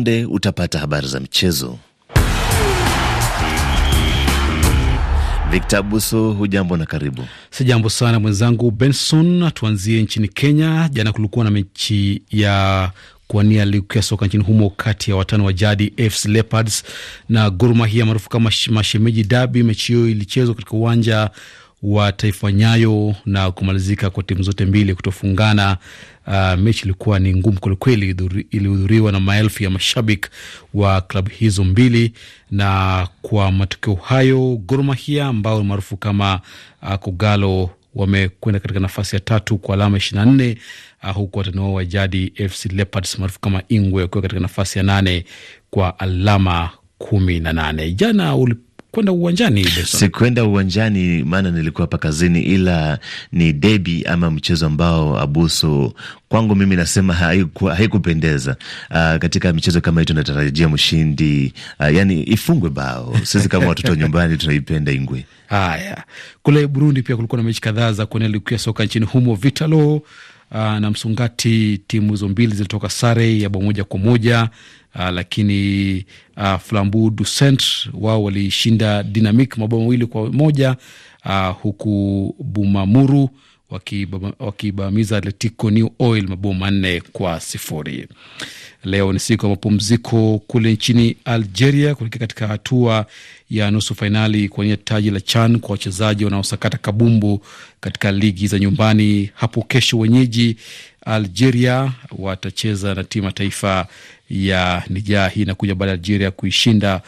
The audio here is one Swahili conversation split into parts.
Punde utapata habari za michezo. Victor Buso, hujambo na karibu. si jambo sana mwenzangu Benson. Tuanzie nchini Kenya. Jana kulikuwa na mechi ya kuwania ligi ya soka nchini humo kati ya watano wa jadi AFC Leopards na Gor Mahia maarufu kama mashemeji dabi. Mechi hiyo ilichezwa katika uwanja wa taifa nyayo na kumalizika kwa timu zote mbili kutofungana. Uh, mechi ilikuwa ni ngumu kwelikweli, ilihudhuriwa na maelfu ya mashabiki wa klabu hizo mbili, na kwa matokeo hayo Gor Mahia ambao maarufu kama uh, Kogalo wamekwenda katika nafasi ya tatu kwa alama ishirini na nne uh, huku watani wao wa jadi FC Leopards maarufu kama Ingwe wakiwa katika nafasi ya nane kwa alama kumi na nane jana kwenda uwanjani? Sikwenda uwanjani, maana nilikuwa hapa kazini, ila ni debi ama mchezo ambao abuso kwangu mimi nasema haikupendeza. Uh, katika michezo kama hii tunatarajia mshindi uh, yani ifungwe bao. Sisi kama watoto nyumbani tunaipenda ingwe. Haya, kule Burundi pia kulikuwa na mechi kadhaa za kuendelea soka nchini humo. Vitalo Ah, na Msungati. Timu hizo mbili zilitoka sare ya bao moja kwa moja, ah, lakini ah, Flambu du Centre wao walishinda Dynamic mabao mawili kwa moja, huku Bumamuru wakiibamiza Atletico New Oil mabao manne kwa sifuri. Leo ni siku ya mapumziko kule nchini Algeria kuelekea katika hatua ya nusu fainali kwenye taji la CHAN kwa wachezaji wanaosakata kabumbu katika ligi za nyumbani. Hapo kesho wenyeji Algeria watacheza na timu ya taifa ya Nija. Hii inakuja baada ya Algeria kuishinda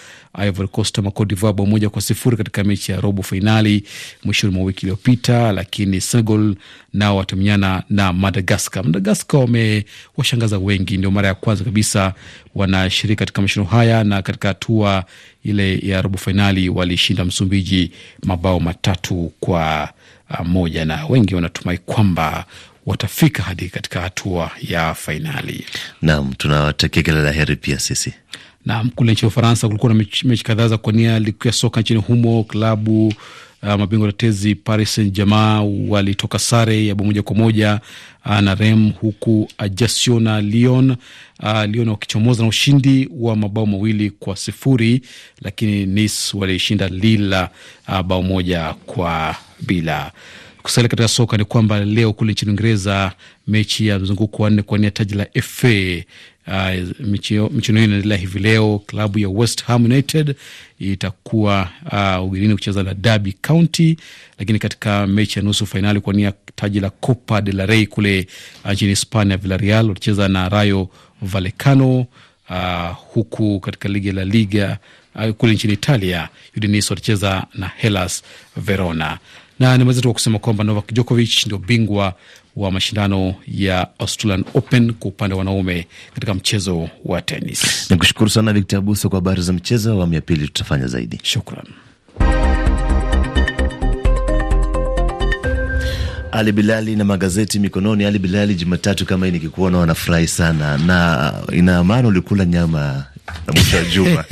Ivory Coast ama Cote d'Ivoire bao moja kwa sifuri katika mechi ya robo fainali mwishoni mwa wiki iliyopita. Lakini Senegal nao watamenyana na Madagascar. Madagascar wamewashangaza wengi, ndio mara ya kwanza kabisa wanashiriki katika mashindano haya, na katika hatua ile ya robo fainali walishinda Msumbiji mabao matatu kwa uh, moja, na wengi wanatumai kwamba watafika hadi katika hatua ya fainali. Naam, tunawatakia kila la heri pia sisi. Naam, kule nchini Ufaransa kulikuwa na mechi kadhaa za kuania ligi ya soka nchini humo. Klabu Uh, mabingwa tetezi Paris Saint-Germain walitoka sare ya bao moja kwa moja uh, na Rem, huku Ajaccio na Lyon uh, Lyon wakichomoza na ushindi wa mabao mawili kwa sifuri, lakini Nice walishinda Lila uh, bao moja kwa bila. Kusalia katika soka ni kwamba leo kule nchini Uingereza mechi ya mzunguko wa nne kuwania taji la FA uh, ah, michuano hiyo inaendelea hivi leo. Klabu ya West Ham United itakuwa uh, ah, ugenini kucheza na Derby County, lakini katika mechi ya nusu fainali kuwania taji la Copa de la Rey kule ah, nchini Hispania, Villarreal walicheza na Rayo Vallecano. Uh, huku katika ligi la liga uh, kule nchini Italia Udinese walicheza na Hellas Verona na nimeweza tu kusema kwamba Novak Djokovic ndio bingwa wa mashindano ya Australian Open kwa upande wa wanaume katika mchezo wa tenis. ni kushukuru sana Victor Abuso kwa habari za mchezo. Awamu ya pili tutafanya zaidi. Shukran. Ali Bilali na magazeti mikononi. Ali Bilali, Jumatatu kama hii nikikuona wanafurahi sana, na ina maana ulikula nyama na mwisho wa juma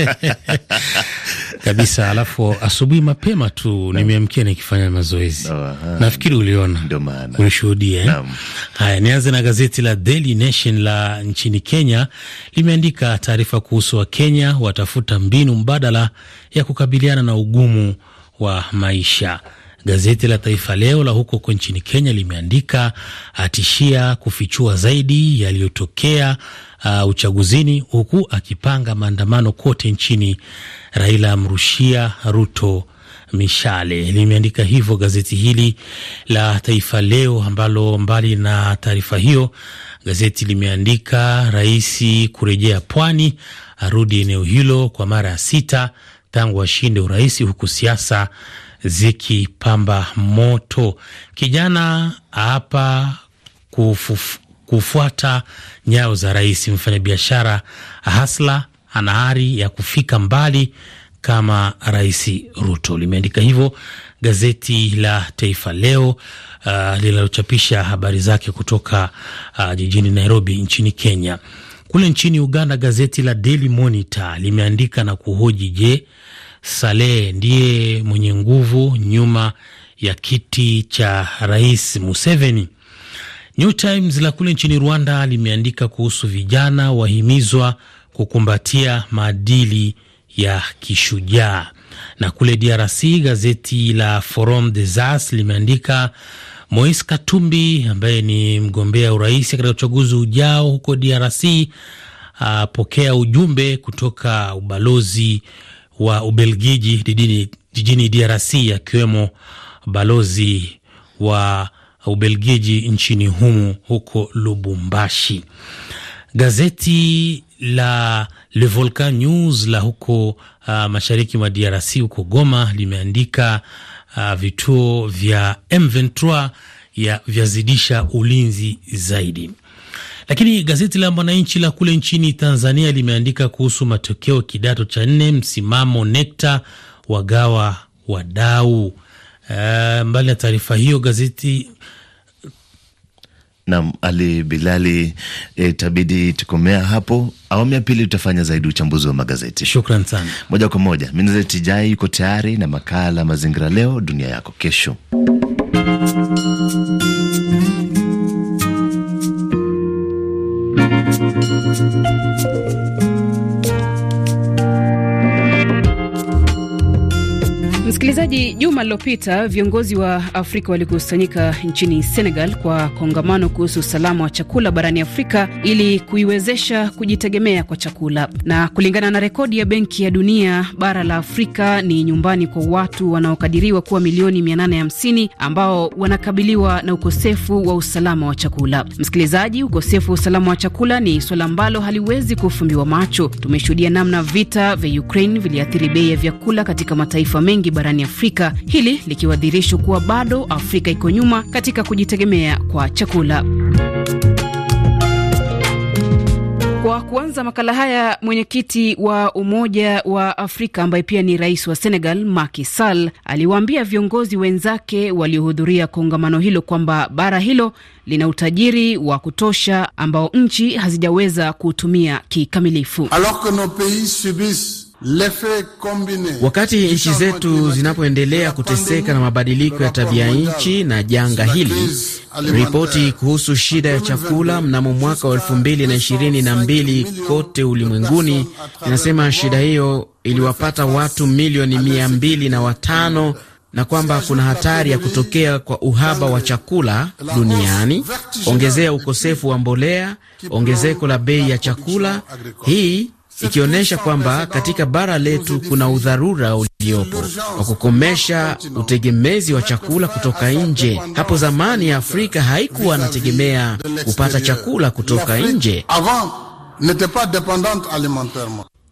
kabisa. Alafu asubuhi mapema tu nimeamkia nikifanya mazoezi no, nafikiri uliona, ndio maana ulishuhudia eh? Haya, nianze na gazeti la Daily Nation la nchini Kenya. Limeandika taarifa kuhusu Wakenya watafuta mbinu mbadala ya kukabiliana na ugumu wa maisha. Gazeti la Taifa Leo la huko huko nchini Kenya limeandika atishia kufichua zaidi yaliyotokea uh, uchaguzini huku akipanga maandamano kote nchini. Raila amrushia Ruto mishale. Limeandika hivyo gazeti hili la Taifa Leo, ambalo mbali na taarifa hiyo gazeti limeandika rais kurejea Pwani, arudi eneo hilo kwa mara ya sita tangu ashinde urais, huku siasa zikipamba moto. Kijana hapa kufufu, kufuata nyayo za rais. Mfanyabiashara hasla ana hari ya kufika mbali kama Rais Ruto. Limeandika hivyo gazeti la Taifa Leo uh, linalochapisha habari zake kutoka uh, jijini Nairobi nchini Kenya. Kule nchini Uganda, gazeti la Daily Monitor limeandika na kuhoji, je, Saleh ndiye mwenye nguvu nyuma ya kiti cha Rais Museveni? New Times la kule nchini Rwanda limeandika kuhusu vijana wahimizwa kukumbatia maadili ya kishujaa. Na kule DRC gazeti la Forum des As limeandika Moise Katumbi ambaye ni mgombea urais katika uchaguzi ujao huko DRC apokea ujumbe kutoka ubalozi wa Ubelgiji jijini DRC akiwemo balozi wa Ubelgiji nchini humo huko Lubumbashi. Gazeti la Le Volcan News la huko uh, mashariki mwa DRC huko Goma limeandika uh, vituo vya M23 ya vyazidisha ulinzi zaidi. Lakini gazeti la Mwananchi la kule nchini Tanzania limeandika kuhusu matokeo kidato cha nne, msimamo nekta wagawa wadau Eh, mbali na taarifa hiyo gazeti Nam Ali Bilali, eh, itabidi e, tukomea hapo. Awamu ya pili tutafanya zaidi uchambuzi wa magazeti. Shukran sana. Moja kwa moja Minzeti Jai yuko tayari na makala Mazingira Leo Dunia Yako Kesho. Msikilizaji, juma lilopita viongozi wa Afrika walikusanyika nchini Senegal kwa kongamano kuhusu usalama wa chakula barani Afrika ili kuiwezesha kujitegemea kwa chakula. Na kulingana na rekodi ya Benki ya Dunia, bara la Afrika ni nyumbani kwa watu wanaokadiriwa kuwa milioni 850 ambao wanakabiliwa na ukosefu wa usalama wa chakula. Msikilizaji, ukosefu wa usalama wa chakula ni suala ambalo haliwezi kufumbiwa macho. Tumeshuhudia namna vita vya Ukraine viliathiri bei ya vyakula katika mataifa mengi barani barani Afrika, hili likiwa dhihirisho kuwa bado Afrika iko nyuma katika kujitegemea kwa chakula. Kwa kuanza makala haya, mwenyekiti wa Umoja wa Afrika ambaye pia ni rais wa Senegal, Macky Sall aliwaambia viongozi wenzake waliohudhuria kongamano hilo kwamba bara hilo lina utajiri wa kutosha ambao nchi hazijaweza kuutumia kikamilifu Wakati nchi zetu zinapoendelea kuteseka na mabadiliko ya tabia nchi na janga hili, ripoti kuhusu shida ya chakula mnamo mwaka wa mbili kote ulimwenguni inasema shida hiyo iliwapata watu milioni mia mbili na watano na kwamba kuna hatari ya kutokea kwa uhaba wa chakula duniani, ongezea ukosefu wa mbolea, ongezeko la bei ya chakula hii ikionyesha kwamba katika bara letu kuna udharura uliopo wa kukomesha utegemezi wa chakula kutoka nje. Hapo zamani Afrika haikuwa anategemea kupata chakula kutoka nje.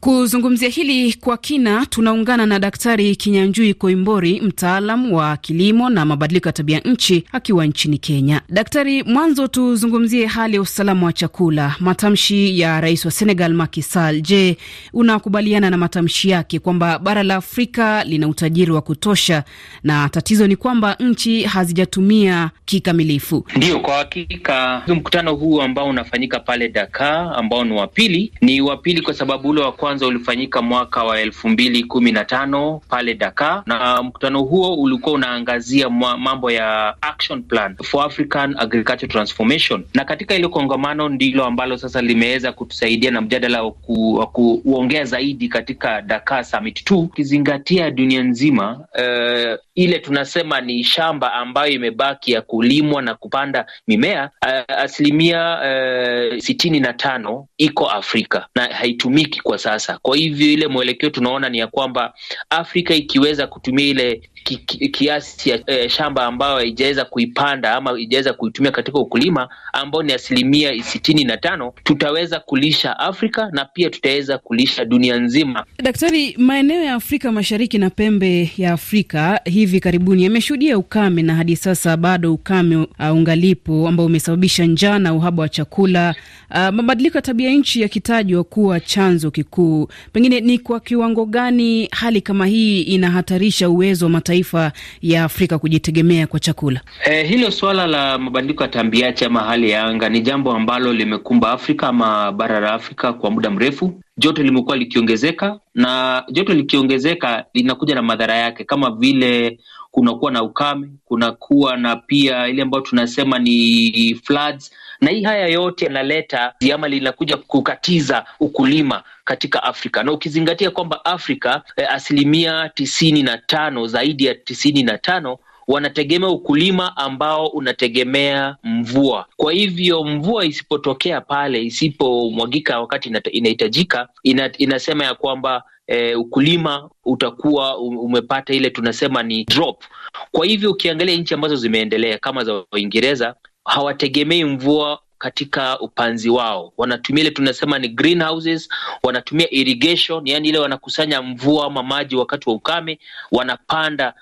Kuzungumzia hili kwa kina tunaungana na Daktari Kinyanjui Koimbori, mtaalam wa kilimo na mabadiliko ya tabia nchi akiwa nchini Kenya. Daktari, mwanzo tuzungumzie hali ya usalama wa chakula, matamshi ya rais wa Senegal Macky Sall. Je, unakubaliana na matamshi yake kwamba bara la Afrika lina utajiri wa kutosha na tatizo ni kwamba nchi hazijatumia kikamilifu? Ndiyo, kwa hakika mkutano huu ambao unafanyika pale Dakar ambao ni wa pili, ni wa pili kwa sababu ule wa kwanza ulifanyika mwaka wa elfu mbili kumi na tano pale Dakar, na mkutano huo ulikuwa unaangazia mambo ya action plan for African agriculture transformation, na katika hilo kongamano ndilo ambalo sasa limeweza kutusaidia na mjadala wa kuongea zaidi katika Dakar Summit 2 ukizingatia dunia nzima eh, ile tunasema ni shamba ambayo imebaki ya kulimwa na kupanda mimea, asilimia uh, sitini na tano iko Afrika na haitumiki kwa sasa. Kwa hivyo ile mwelekeo tunaona ni ya kwamba Afrika ikiweza kutumia ile ki, ki, kiasi ya eh, shamba ambayo haijaweza kuipanda ama haijaweza kuitumia katika ukulima ambao ni asilimia sitini na tano, tutaweza kulisha Afrika na pia tutaweza kulisha dunia nzima. Daktari, maeneo ya Afrika Mashariki na pembe ya Afrika hivi karibuni yameshuhudia ukame na hadi sasa bado ukame uh, ungalipo ambao umesababisha njaa na uhaba wa chakula, uh, mabadiliko ya tabia nchi yakitajwa kuwa chanzo kikuu. Pengine ni kwa kiwango gani hali kama hii inahatarisha uwezo wa mataifa mataifa ya Afrika kujitegemea kwa chakula? Eh, hilo swala la mabadiliko ya tabianchi ama hali ya anga ni jambo ambalo limekumba Afrika ama bara la Afrika kwa muda mrefu. Joto limekuwa likiongezeka na joto likiongezeka linakuja na madhara yake kama vile kunakuwa na ukame, kunakuwa na pia ile ambayo tunasema ni floods na hii haya yote yanaleta ama linakuja kukatiza ukulima katika Afrika na ukizingatia kwamba Afrika eh, asilimia tisini na tano zaidi ya tisini na tano wanategemea ukulima ambao unategemea mvua. Kwa hivyo mvua isipotokea pale, isipomwagika wakati inahitajika, ina, inasema ya kwamba E, ukulima utakuwa umepata ile tunasema ni drop. Kwa hivyo ukiangalia nchi ambazo zimeendelea kama za Uingereza hawategemei mvua katika upanzi wao, wanatumia ile tunasema ni greenhouses, wanatumia irrigation, yani ile wanakusanya mvua ama maji wakati wa ukame, wanapanda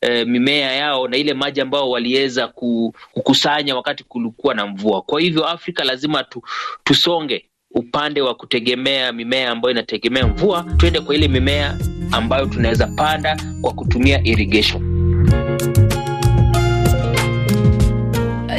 e, mimea yao na ile maji ambayo waliweza kukusanya wakati kulikuwa na mvua. Kwa hivyo Afrika lazima tu, tusonge upande wa kutegemea mimea ambayo inategemea mvua, tuende kwa ile mimea ambayo tunaweza panda kwa kutumia irrigation.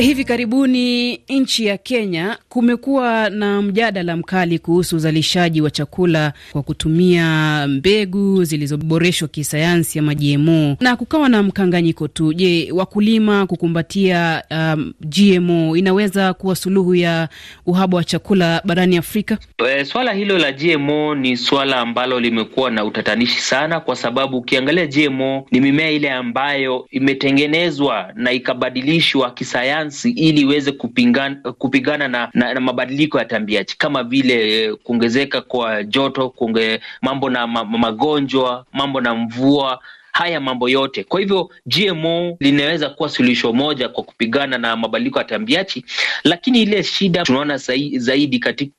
Hivi karibuni nchi ya Kenya kumekuwa na mjadala mkali kuhusu uzalishaji wa chakula kwa kutumia mbegu zilizoboreshwa kisayansi ama GMO na kukawa na mkanganyiko tu. Je, wakulima kukumbatia um, GMO inaweza kuwa suluhu ya uhaba wa chakula barani Afrika? E, swala hilo la GMO ni swala ambalo limekuwa na utatanishi sana, kwa sababu ukiangalia GMO ni mimea ile ambayo imetengenezwa na ikabadilishwa kisayansi sayansi ili iweze kupingana, kupigana na, na, na mabadiliko ya tabianchi kama vile eh, kuongezeka kwa joto, kunge, mambo na ma, magonjwa, mambo na mvua haya mambo yote. Kwa hivyo GMO linaweza kuwa suluhisho moja kwa kupigana na mabadiliko ya tabianchi, lakini ile shida tunaona zaidi katika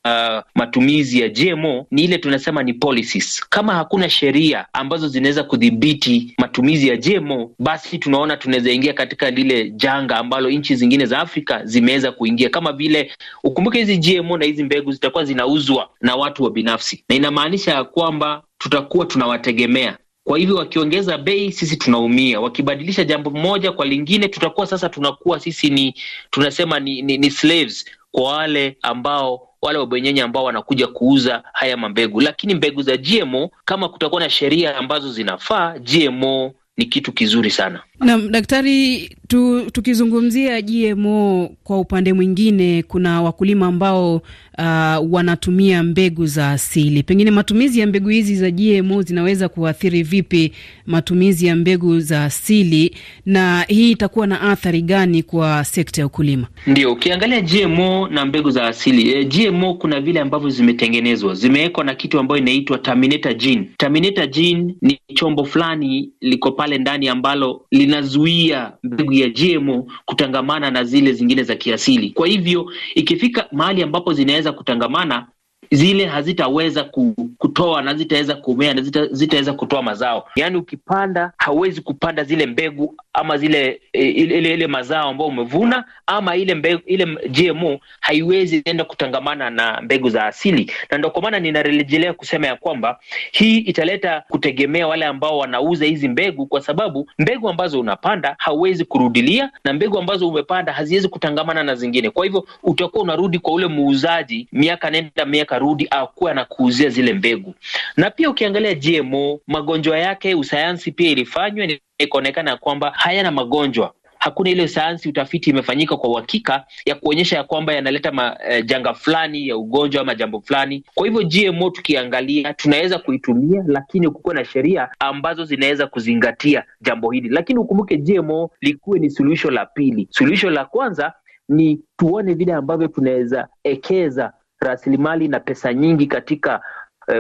uh, matumizi ya GMO ni ile tunasema ni policies. Kama hakuna sheria ambazo zinaweza kudhibiti matumizi ya GMO, basi tunaona tunaweza ingia katika lile janga ambalo nchi zingine za Afrika zimeweza kuingia, kama vile ukumbuke, hizi GMO na hizi mbegu zitakuwa zinauzwa na watu wa binafsi, na inamaanisha ya kwamba tutakuwa tunawategemea kwa hivyo wakiongeza bei, sisi tunaumia. Wakibadilisha jambo moja kwa lingine, tutakuwa sasa tunakuwa sisi ni tunasema ni, ni, ni slaves kwa wale ambao wale wabwenyenye ambao wanakuja kuuza haya mambegu. Lakini mbegu za GMO, kama kutakuwa na sheria ambazo zinafaa, GMO ni kitu kizuri sana. Naam, daktari, tu, tukizungumzia GMO kwa upande mwingine, kuna wakulima ambao uh, wanatumia mbegu za asili. Pengine matumizi ya mbegu hizi za GMO zinaweza kuathiri vipi matumizi ya mbegu za asili, na hii itakuwa na athari gani kwa sekta ya ukulima? Ndio, ukiangalia GMO na mbegu za asili e, eh, GMO kuna vile ambavyo zimetengenezwa, zimewekwa na kitu ambayo inaitwa terminator gene. Terminator gene ni chombo fulani liko pale ndani ambalo inazuia mbegu ya GMO kutangamana na zile zingine za kiasili. Kwa hivyo ikifika mahali ambapo zinaweza kutangamana, zile hazitaweza kutoa na zitaweza kumea na zita, zitaweza kutoa mazao. Yaani ukipanda hauwezi kupanda zile mbegu ama zile e, ile, ile, ile mazao ambayo umevuna ama ile mbegu, ile GMO haiwezi enda kutangamana na mbegu za asili, na ndio kwa maana ninarejelea kusema ya kwamba hii italeta kutegemea wale ambao wanauza hizi mbegu, kwa sababu mbegu ambazo unapanda hauwezi kurudilia na mbegu ambazo umepanda haziwezi kutangamana na zingine. Kwa hivyo utakuwa unarudi kwa ule muuzaji miaka nenda miaka akuwa akuwe anakuuzia zile mbegu. Na pia ukiangalia GMO magonjwa yake, usayansi pia ilifanywa ikaonekana ya kwamba hayana magonjwa hakuna ile sayansi utafiti imefanyika kwa uhakika ya kuonyesha ya kwamba yanaleta majanga e, eh, janga fulani ya ugonjwa ama jambo fulani. Kwa hivyo GMO tukiangalia, tunaweza kuitumia, lakini kukuwa na sheria ambazo zinaweza kuzingatia jambo hili. Lakini ukumbuke GMO likuwe ni suluhisho la pili. Suluhisho la kwanza ni tuone vile ambavyo tunaweza ekeza rasilimali na pesa nyingi katika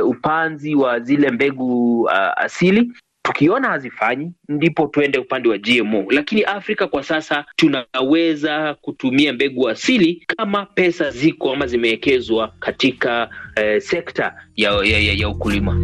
uh, upanzi wa zile mbegu uh, asili. Tukiona hazifanyi ndipo tuende upande wa GMO, lakini Afrika kwa sasa tunaweza kutumia mbegu asili kama pesa ziko ama zimewekezwa katika uh, sekta ya, ya, ya, ya ukulima.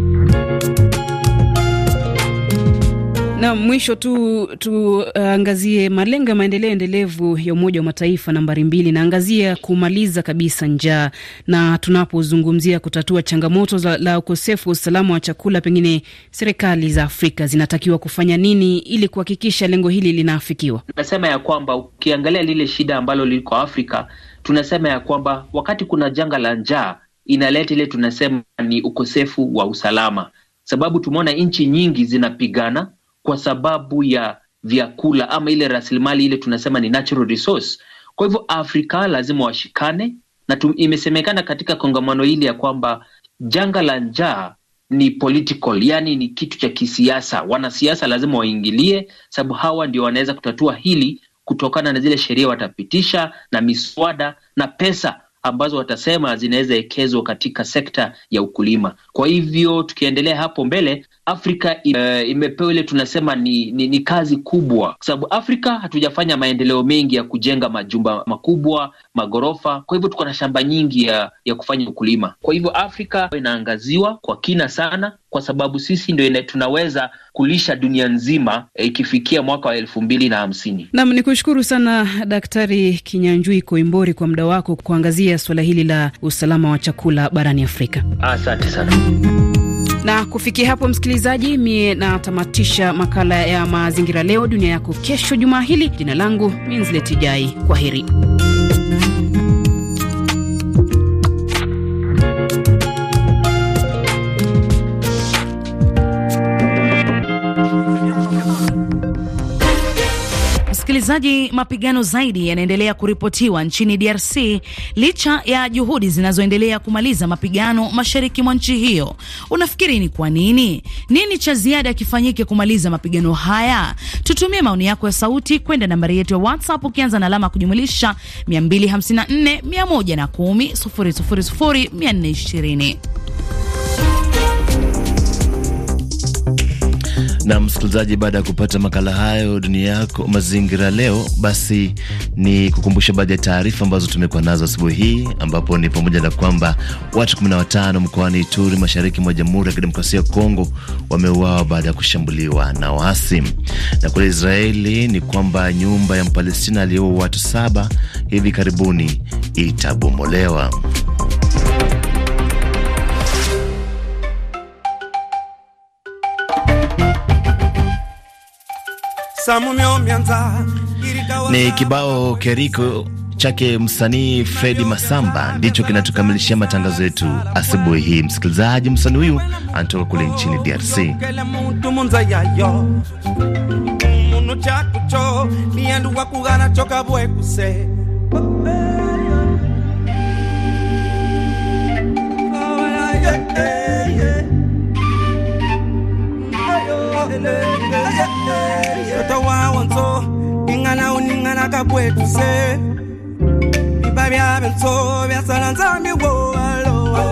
Na mwisho tu tuangazie uh, malengo ya maendeleo endelevu ya Umoja wa Mataifa nambari mbili, naangazia kumaliza kabisa njaa, na tunapozungumzia kutatua changamoto la, la ukosefu wa usalama wa chakula, pengine serikali za Afrika zinatakiwa kufanya nini ili kuhakikisha lengo hili linafikiwa? Nasema ya kwamba ukiangalia lile shida ambalo liko Afrika, tunasema ya kwamba wakati kuna janga la njaa inaleta ile tunasema ni ukosefu wa usalama, sababu tumeona nchi nyingi zinapigana kwa sababu ya vyakula ama ile rasilimali ile tunasema ni natural resource. Kwa hivyo Afrika lazima washikane na tu, imesemekana katika kongamano hili ya kwamba janga la njaa ni political, yani ni kitu cha kisiasa. Wanasiasa lazima waingilie, sababu hawa ndio wanaweza kutatua hili kutokana na zile sheria watapitisha na miswada na pesa ambazo watasema zinaweza ekezwa katika sekta ya ukulima. Kwa hivyo tukiendelea hapo mbele, Afrika uh, imepewa ile tunasema ni, ni, ni kazi kubwa, kwa sababu Afrika hatujafanya maendeleo mengi ya kujenga majumba makubwa maghorofa Kwa hivyo tuko na shamba nyingi ya, ya kufanya ukulima. Kwa hivyo Afrika inaangaziwa kwa kina sana, kwa sababu sisi ndio tunaweza kulisha dunia nzima eh, ikifikia mwaka wa elfu mbili na hamsini. Nam ni kushukuru sana Daktari Kinyanjui Koimbori kwa muda wako kuangazia suala hili la usalama wa chakula barani Afrika. Asante sana. Na kufikia hapo, msikilizaji, mie natamatisha makala ya mazingira leo, dunia yako kesho, jumaa hili. Jina langu Minzletijai, kwa heri. Msikilizaji, mapigano zaidi yanaendelea kuripotiwa nchini DRC licha ya juhudi zinazoendelea kumaliza mapigano mashariki mwa nchi hiyo. Unafikiri ni kwa nini? Nini cha ziada kifanyike kumaliza mapigano haya? Tutumie maoni yako ya sauti kwenda nambari yetu ya WhatsApp ukianza na alama kujumulisha 254 110 000 420. na msikilizaji, baada ya kupata makala hayo dunia yako mazingira leo, basi ni kukumbusha baadhi ya taarifa ambazo tumekuwa nazo asubuhi hii, ambapo ni pamoja na kwamba watu 15 mkoani Ituri, mashariki mwa Jamhuri ya Kidemokrasia ya Kongo, wameuawa baada ya kushambuliwa na waasi. Na kule Israeli ni kwamba nyumba ya Mpalestina aliyeua watu saba hivi karibuni itabomolewa. Ni kibao keriko chake msanii Fredi Masamba ndicho kinatukamilishia matangazo yetu asubuhi hii. Msikilizaji, msanii huyu anatoka kule nchini DRC. So, ingana uningana kakwethu se iba byabenzo byasalanzami wo alowa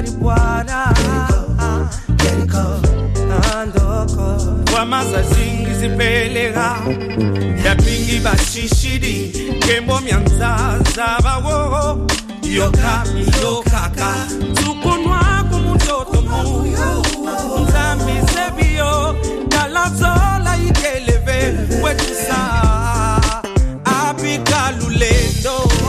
kutafakari Bwana, kwa masa zingi zipelela yapingi bashishidi kembo mya mzaza vawo yokami yokaka tukunwa kumutoto muyo nzambi sebiyo kalazola ikeleve wetusa apikalulendo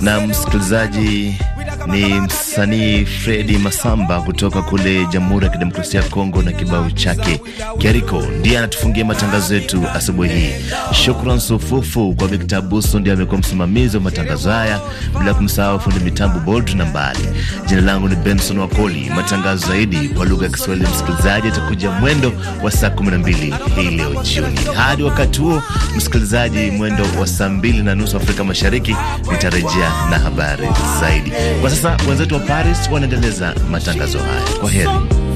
na msikilizaji ni msanii Fredi Masamba kutoka kule Jamhuri ya Kidemokrasia ya Kongo na kibao chake kiariko ndiye anatufungia matangazo yetu asubuhi hii. Shukran sufufu kwa Victor Buso, ndiye amekuwa msimamizi wa matangazo haya, bila kumsahau fundi mitambo Bold na mbali. Jina langu ni Benson Wakoli. Matangazo zaidi kwa lugha ya Kiswahili msikilizaji atakuja mwendo wa saa 12 hii leo jioni. Hadi wakati huo, msikilizaji, mwendo wa saa 2 na nusu Afrika Mashariki nitarejea na habari zaidi kwa sasa wenzetu wa Paris wanaendeleza matangazo haya. Kwa heri.